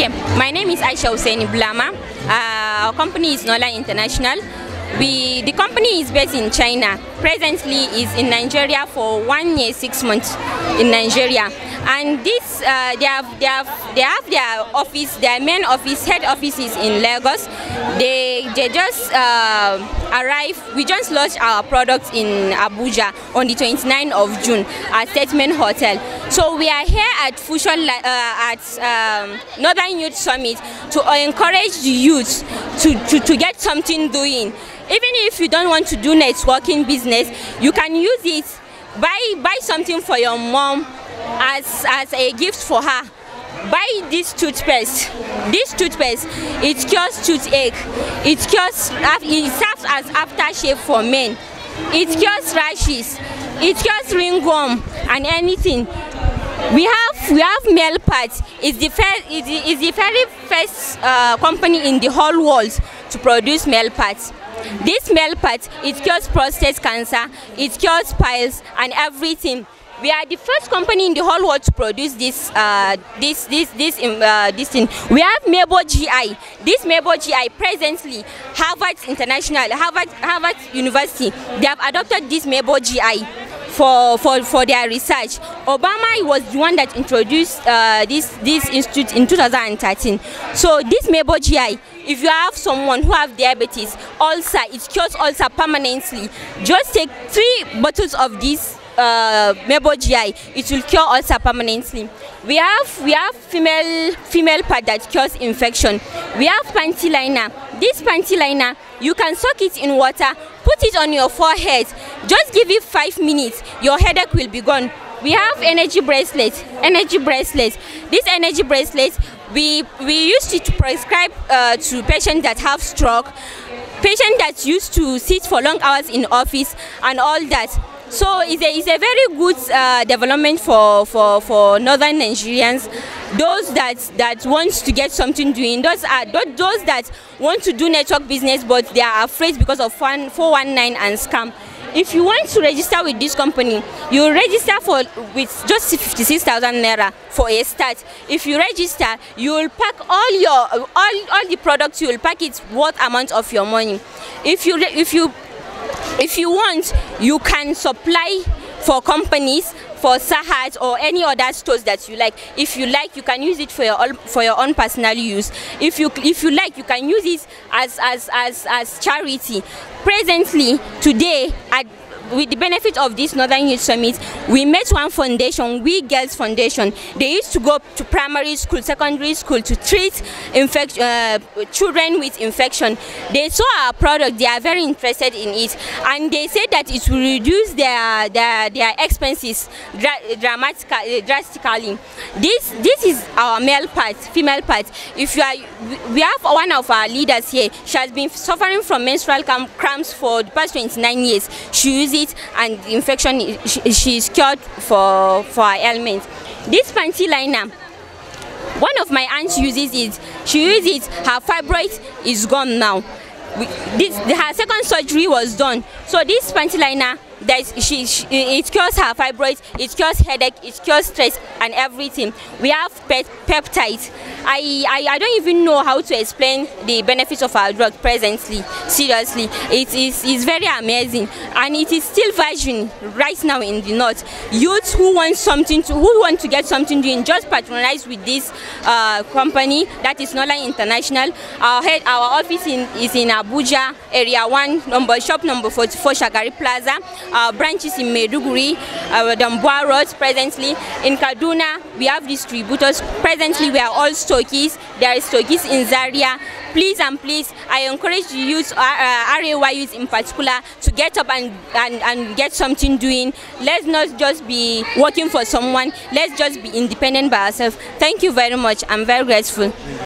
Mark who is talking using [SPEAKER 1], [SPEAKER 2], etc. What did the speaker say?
[SPEAKER 1] Okay, my name is Aisha Hussein Blama. Uh, our company is Nola International. We, the company is based in China. Presently is in Nigeria for one year, six months in Nigeria. And this, uh, they, have, they, have, they have their office, their main office, head office is in Lagos. They they just uh, um, arrived, we just launched our products in Abuja on the 29th of June at Statement Hotel. So we are here at Fusion, uh, at um, Northern Youth Summit to encourage the youth to, to, to get something doing. Even if you don't want to do networking business, you can use it, buy, buy something for your mom as, as a gift for her buy this toothpaste this toothpaste it cures toothache it cures it serves as aftershave for men it cures rashes it cures ringworm and anything we have we have male parts it's the first it's the very first uh, company in the whole world to produce male parts this male part it cures prostate cancer it cures piles and everything we are the first company in the whole world to produce this uh, this this this um, uh, this thing. We have Mabo GI. This Mabo GI presently Harvard International, Harvard Harvard University. They have adopted this Mabo GI for for for their research. Obama was the one that introduced uh, this this institute in 2013. So this Mabo GI if you have someone who have diabetes ulcer it cures ulcer permanently just take three bottles of this uh, it will cure ulcer permanently. We have we have female female pad that cures infection. We have panty liner. This panty liner, you can soak it in water, put it on your forehead. Just give it five minutes. Your headache will be gone. We have energy bracelets. Energy bracelets. This energy bracelets, we we used it to prescribe uh, to patients that have stroke, patients that used to sit for long hours in office, and all that. So it's a, it's a very good uh, development for, for, for northern Nigerians. Those that, that want to get something doing, those, are, those that want to do network business but they are afraid because of 419 and scam. If you want to register with this company, you register for with just 56,000 naira for a start. If you register, you will pack all your all all the products. You will pack it worth amount of your money. If you if you if you want, you can supply for companies for Sahas or any other stores that you like. If you like, you can use it for your own, for your own personal use. If you if you like, you can use it as as as, as charity. Presently, today at with the benefit of this Northern Youth Summit, we met one foundation, We Girls Foundation. They used to go to primary school, secondary school to treat uh, children with infection. They saw our product, they are very interested in it, and they said that it will reduce their their, their expenses dra dramatically, eh, drastically. This this is our male part, female part. If you are, we have one of our leaders here. She has been suffering from menstrual cramps for the past 29 years. She uses it and the infection she, she's cured for, for her ailment. This panty liner, one of my aunts uses it. She uses it, her fibroid is gone now. This, her second surgery was done. So this panty liner That she, she, it cures her fibroids, it cures headache, it cures stress and everything. We have peptides. I, I, I don't even know how to explain the benefits of our drug presently, seriously. It is it's very amazing and it is still virgin right now in the north. Youths who want something to, who want to get something doing just patronize with this uh, company that is Nola International. Our head, our office in, is in Abuja, area 1, number shop number 44 Shagari Plaza uh, branches in Maiduguri, uh, Damboa Road presently. In Kaduna, we have distributors. Presently, we are all stockies. There is stockies in Zaria. Please and please, I encourage youth, uh, uh RAY youth in particular, to get up and, and, and get something doing. Let's not just be working for someone. Let's just be independent by ourselves. Thank you very much. I'm very grateful.